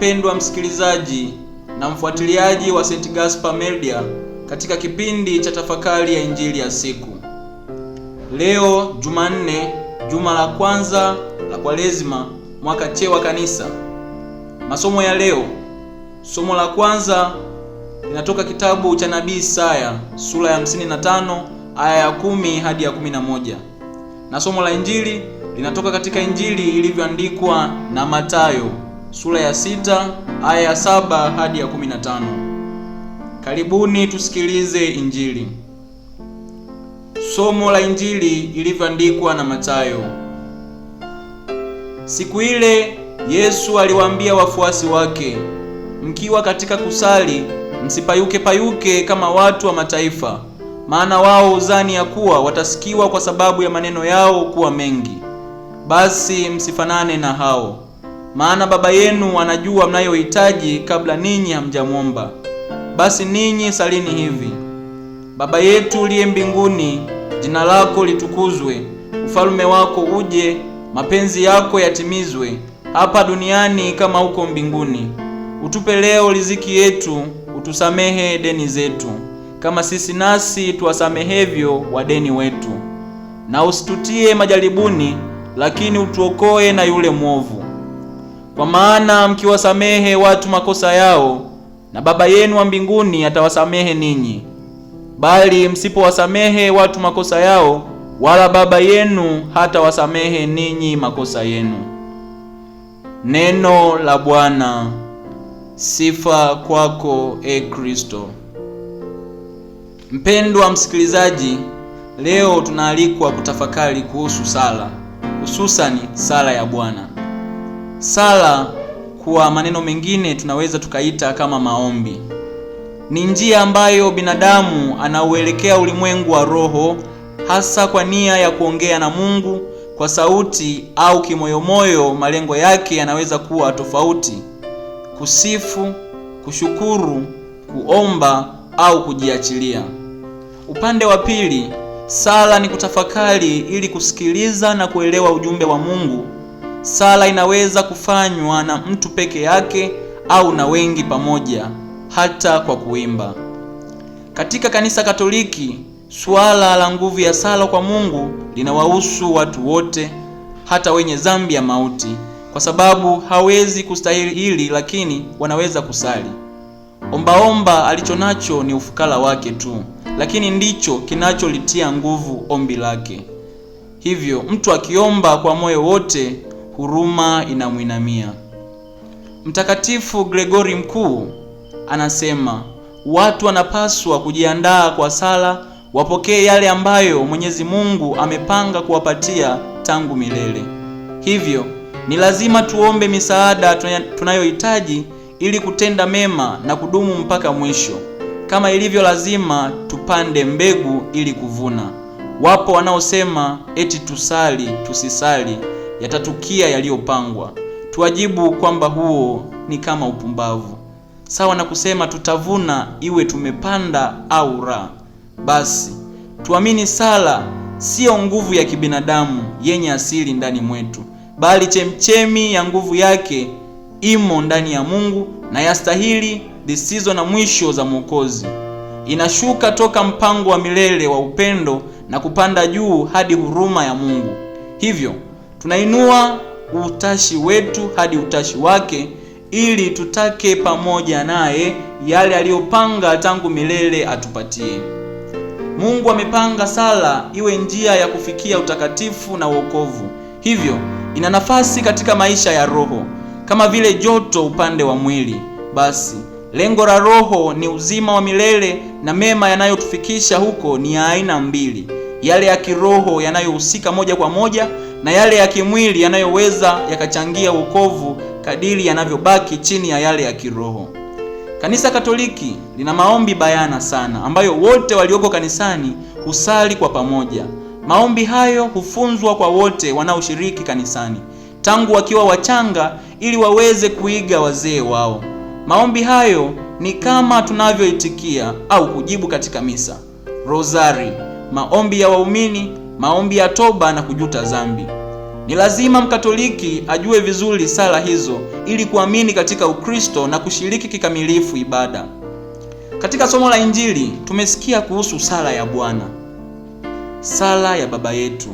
mpendwa msikilizaji na mfuatiliaji wa St. Gaspar Media katika kipindi cha tafakari ya injili ya siku. Leo Jumanne, juma la kwanza la Kwaresima, mwaka C wa Kanisa. Masomo ya leo, somo la kwanza linatoka kitabu cha nabii Isaya sura ya 55 aya ya 10 hadi ya 11, na somo la injili linatoka katika injili ilivyoandikwa na matayo sura ya sita aya ya saba hadi ya kumi na tano. Karibuni tusikilize Injili. Somo la Injili ilivyoandikwa na Mathayo. Siku ile Yesu aliwaambia wafuasi wake, mkiwa katika kusali msipayuke payuke kama watu wa mataifa, maana wao uzani ya kuwa watasikiwa kwa sababu ya maneno yao kuwa mengi. Basi msifanane na hao maana Baba yenu anajua mnayohitaji kabla ninyi hamjamwomba. Basi ninyi salini hivi: Baba yetu uliye mbinguni, jina lako litukuzwe, ufalme wako uje, mapenzi yako yatimizwe hapa duniani kama huko mbinguni. Utupe leo riziki yetu, utusamehe deni zetu kama sisi nasi tuwasamehevyo wadeni wetu, na usitutie majaribuni, lakini utuokoe na yule mwovu. Kwa maana mkiwasamehe watu makosa yao, na Baba yenu wa mbinguni atawasamehe ninyi. Bali msipowasamehe watu makosa yao, wala Baba yenu hatawasamehe ninyi makosa yenu. Neno la Bwana. Sifa kwako e Kristo. Mpendwa msikilizaji, leo tunaalikwa kutafakari kuhusu sala, hususani sala ya Bwana. Sala kwa maneno mengine tunaweza tukaita kama maombi. Ni njia ambayo binadamu anauelekea ulimwengu wa roho hasa kwa nia ya kuongea na Mungu kwa sauti au kimoyomoyo. Malengo yake yanaweza kuwa tofauti: kusifu, kushukuru, kuomba au kujiachilia. Upande wa pili, sala ni kutafakari ili kusikiliza na kuelewa ujumbe wa Mungu Sala inaweza kufanywa na mtu peke yake au na wengi pamoja, hata kwa kuimba. Katika kanisa Katoliki, suala la nguvu ya sala kwa Mungu linawahusu watu wote, hata wenye dhambi ya mauti, kwa sababu hawezi kustahili hili, lakini wanaweza kusali. Ombaomba alicho nacho ni ufukara wake tu, lakini ndicho kinacholitia nguvu ombi lake. Hivyo mtu akiomba kwa moyo wote huruma inamwinamia. Mtakatifu Gregori Mkuu anasema watu wanapaswa kujiandaa kwa sala, wapokee yale ambayo Mwenyezi Mungu amepanga kuwapatia tangu milele. Hivyo ni lazima tuombe misaada tunayohitaji ili kutenda mema na kudumu mpaka mwisho. Kama ilivyo lazima tupande mbegu ili kuvuna. Wapo wanaosema eti tusali tusisali yatatukia yaliyopangwa. Tuwajibu kwamba huo ni kama upumbavu, sawa na kusema tutavuna iwe tumepanda au la. Basi tuamini sala siyo nguvu ya kibinadamu yenye asili ndani mwetu, bali chemchemi ya nguvu yake imo ndani ya Mungu na yastahili zisizo na mwisho za Mwokozi. Inashuka toka mpango wa milele wa upendo na kupanda juu hadi huruma ya Mungu. Hivyo Tunainua utashi wetu hadi utashi wake ili tutake pamoja naye yale aliyopanga tangu milele atupatie. Mungu amepanga sala iwe njia ya kufikia utakatifu na wokovu. Hivyo ina nafasi katika maisha ya roho kama vile joto upande wa mwili. Basi lengo la roho ni uzima wa milele na mema yanayotufikisha huko ni ya aina mbili yale ya kiroho yanayohusika moja kwa moja na yale ya kimwili yanayoweza yakachangia wokovu kadiri yanavyobaki chini ya yale ya kiroho. Kanisa Katoliki lina maombi bayana sana ambayo wote walioko kanisani husali kwa pamoja. Maombi hayo hufunzwa kwa wote wanaoshiriki kanisani tangu wakiwa wachanga ili waweze kuiga wazee wao. Maombi hayo ni kama tunavyoitikia au kujibu katika misa. Rosari maombi ya waumini, maombi ya toba na kujuta dhambi. Ni lazima Mkatoliki ajue vizuri sala hizo ili kuamini katika Ukristo na kushiriki kikamilifu ibada. Katika somo la Injili tumesikia kuhusu sala ya Bwana. Sala ya Baba yetu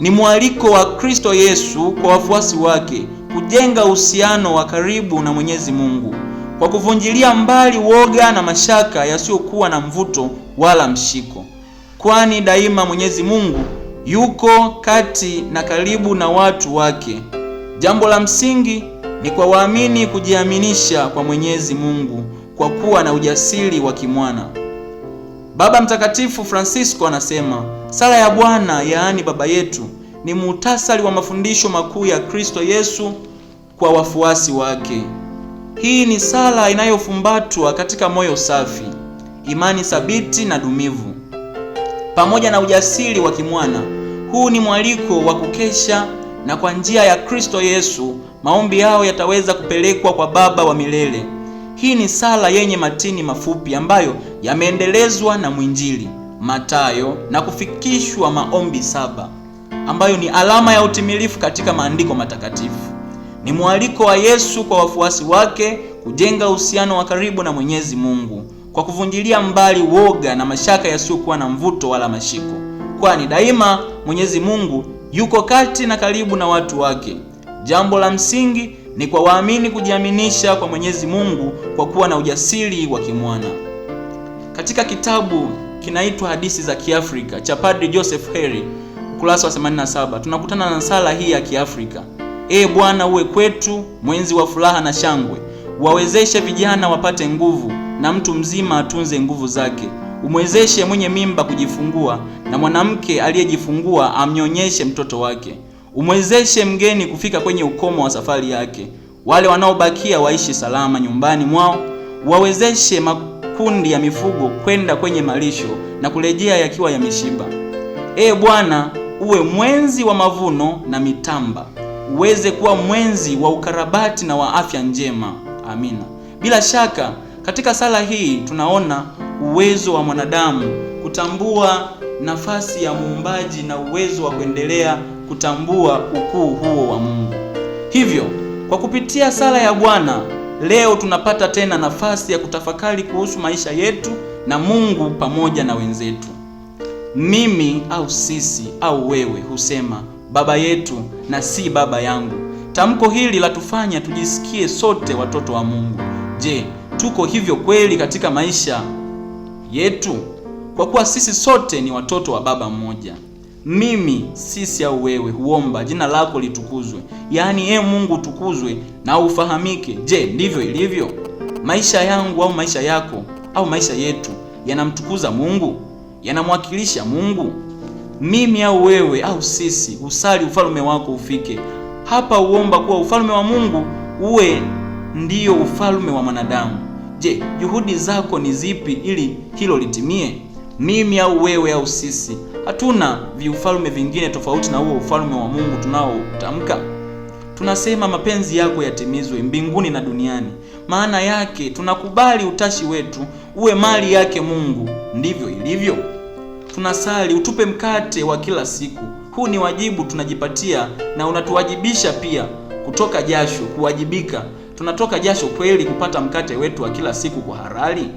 ni mwaliko wa Kristo Yesu kwa wafuasi wake kujenga uhusiano wa karibu na Mwenyezi Mungu kwa kuvunjilia mbali woga na mashaka yasiyokuwa na mvuto wala mshiko kwani daima Mwenyezi Mungu yuko kati na karibu na watu wake. Jambo la msingi ni kwa waamini kujiaminisha kwa Mwenyezi Mungu kwa kuwa na ujasiri wa kimwana. Baba Mtakatifu Francisco anasema sala ya Bwana, yaani Baba yetu, ni muhtasari wa mafundisho makuu ya Kristo Yesu kwa wafuasi wake. Hii ni sala inayofumbatwa katika moyo safi, imani thabiti na dumivu pamoja na ujasiri wa kimwana. Huu ni mwaliko wa kukesha, na kwa njia ya Kristo Yesu maombi yao yataweza kupelekwa kwa Baba wa milele. Hii ni sala yenye matini mafupi ambayo yameendelezwa na mwinjili Mathayo na kufikishwa maombi saba ambayo ni alama ya utimilifu katika maandiko matakatifu. Ni mwaliko wa Yesu kwa wafuasi wake kujenga uhusiano wa karibu na Mwenyezi Mungu kwa kuvunjilia mbali woga na mashaka yasiyokuwa na mvuto wala mashiko, kwani daima Mwenyezi Mungu yuko kati na karibu na watu wake. Jambo la msingi ni kwa waamini kujiaminisha kwa Mwenyezi Mungu kwa kuwa na ujasiri wa kimwana. Katika kitabu kinaitwa Hadithi za Kiafrika cha Padri Joseph Heri, ukurasa wa 87, tunakutana na sala hii ya Kiafrika: Ee Bwana, uwe kwetu mwenzi wa furaha na shangwe, wawezeshe vijana wapate nguvu na mtu mzima atunze nguvu zake. Umwezeshe mwenye mimba kujifungua na mwanamke aliyejifungua amnyonyeshe mtoto wake. Umwezeshe mgeni kufika kwenye ukomo wa safari yake. Wale wanaobakia waishi salama nyumbani mwao. Wawezeshe makundi ya mifugo kwenda kwenye malisho na kurejea yakiwa yameshiba. Ee Bwana, uwe mwenzi wa mavuno na mitamba, uweze kuwa mwenzi wa ukarabati na wa afya njema. Amina. Bila shaka katika sala hii tunaona uwezo wa mwanadamu kutambua nafasi ya muumbaji na uwezo wa kuendelea kutambua ukuu huo wa Mungu. Hivyo, kwa kupitia sala ya Bwana leo tunapata tena nafasi ya kutafakari kuhusu maisha yetu na Mungu pamoja na wenzetu. Mimi au sisi au wewe husema baba yetu na si baba yangu. Tamko hili latufanya tujisikie sote watoto wa Mungu. Je, tuko hivyo kweli katika maisha yetu? Kwa kuwa sisi sote ni watoto wa baba mmoja. Mimi, sisi au wewe huomba jina lako litukuzwe, yaani e Mungu utukuzwe na ufahamike. Je, ndivyo ilivyo? Maisha yangu au maisha yako au maisha yetu yanamtukuza Mungu? Yanamwakilisha Mungu? Mimi au wewe au sisi usali ufalme wako ufike hapa. Uomba kuwa ufalme wa Mungu uwe ndio ufalme wa mwanadamu. Je, juhudi zako ni zipi ili hilo litimie? Mimi au wewe au sisi, hatuna viufalme vingine tofauti na huo ufalme wa Mungu tunaotamka. Tunasema mapenzi yako yatimizwe mbinguni na duniani. Maana yake tunakubali utashi wetu uwe mali yake Mungu. Ndivyo ilivyo. Tunasali utupe mkate wa kila siku. Huu ni wajibu tunajipatia na unatuwajibisha pia kutoka jasho kuwajibika tunatoka jasho kweli kupata mkate wetu wa kila siku kwa halali?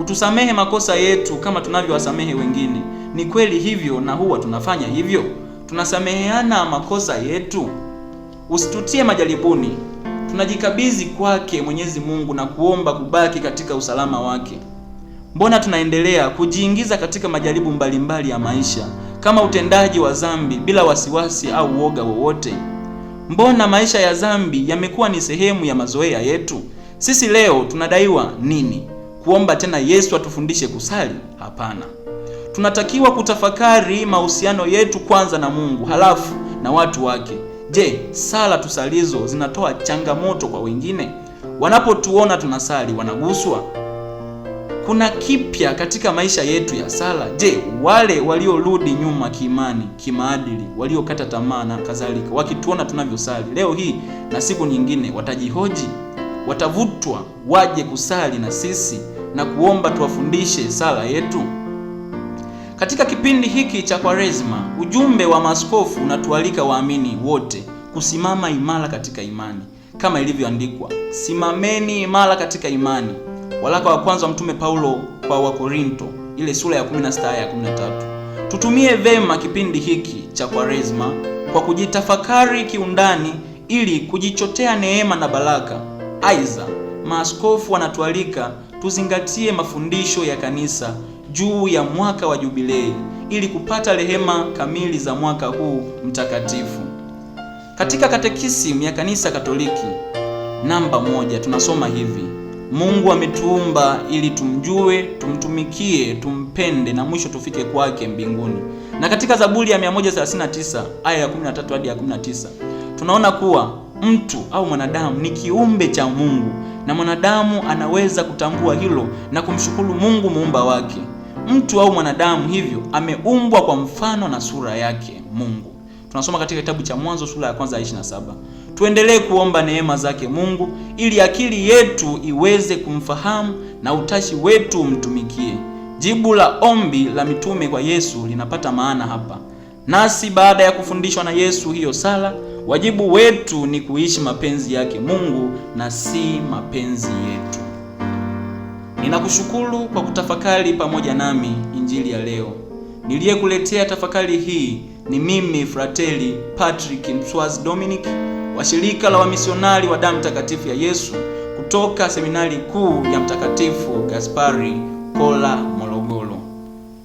Utusamehe makosa yetu kama tunavyowasamehe wengine. Ni kweli hivyo, na huwa tunafanya hivyo? Tunasameheana makosa yetu? Usitutie majaribuni. Tunajikabidhi kwake Mwenyezi Mungu na kuomba kubaki katika usalama wake. Mbona tunaendelea kujiingiza katika majaribu mbalimbali ya maisha kama utendaji wa dhambi bila wasiwasi au uoga wowote? Mbona maisha ya dhambi yamekuwa ni sehemu ya mazoea yetu? Sisi leo tunadaiwa nini? Kuomba tena Yesu atufundishe kusali? Hapana. Tunatakiwa kutafakari mahusiano yetu kwanza na Mungu, halafu na watu wake. Je, sala tusalizo zinatoa changamoto kwa wengine? Wanapotuona tunasali wanaguswa? kuna kipya katika maisha yetu ya sala. Je, wale waliorudi nyuma kiimani, kimaadili, waliokata tamaa na kadhalika, wakituona tunavyosali leo hii na siku nyingine, watajihoji, watavutwa waje kusali na sisi na kuomba tuwafundishe sala yetu. Katika kipindi hiki cha Kwaresma, ujumbe wa maaskofu unatualika waamini wote kusimama imara katika imani, kama ilivyoandikwa, simameni imara katika imani. Waraka wa kwanza wa Mtume Paulo kwa Wakorinto ile sura ya 16 ya 13. Tutumie vema kipindi hiki cha Kwaresma kwa kujitafakari kiundani ili kujichotea neema na baraka. Aidha, maaskofu wanatualika tuzingatie mafundisho ya kanisa juu ya mwaka wa jubilei ili kupata rehema kamili za mwaka huu mtakatifu. Katika katekisimu ya kanisa Katoliki namba moja tunasoma hivi: Mungu ametuumba ili tumjue, tumtumikie, tumpende na mwisho tufike kwake mbinguni. Na katika Zaburi ya 139 aya ya 13 hadi ya 19 tunaona kuwa mtu au mwanadamu ni kiumbe cha Mungu na mwanadamu anaweza kutambua hilo na kumshukuru Mungu muumba wake. Mtu au mwanadamu hivyo ameumbwa kwa mfano na sura yake Mungu. Tunasoma katika kitabu cha Mwanzo sura ya kwanza 27. Tuendelee kuomba neema zake Mungu ili akili yetu iweze kumfahamu na utashi wetu umtumikie. Jibu la ombi la mitume kwa Yesu linapata maana hapa. Nasi baada ya kufundishwa na Yesu hiyo sala, wajibu wetu ni kuishi mapenzi yake Mungu na si mapenzi yetu. Ninakushukuru kwa kutafakari pamoja nami Injili ya leo. Niliyekuletea tafakari hii ni mimi Frateli Patrick Mswazi Dominic wa shirika la wamisionari wa, wa damu takatifu ya Yesu kutoka seminari kuu ya Mtakatifu Gaspari Kola Morogoro.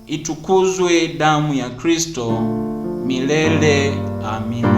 Itukuzwe damu ya Kristo milele! Amina.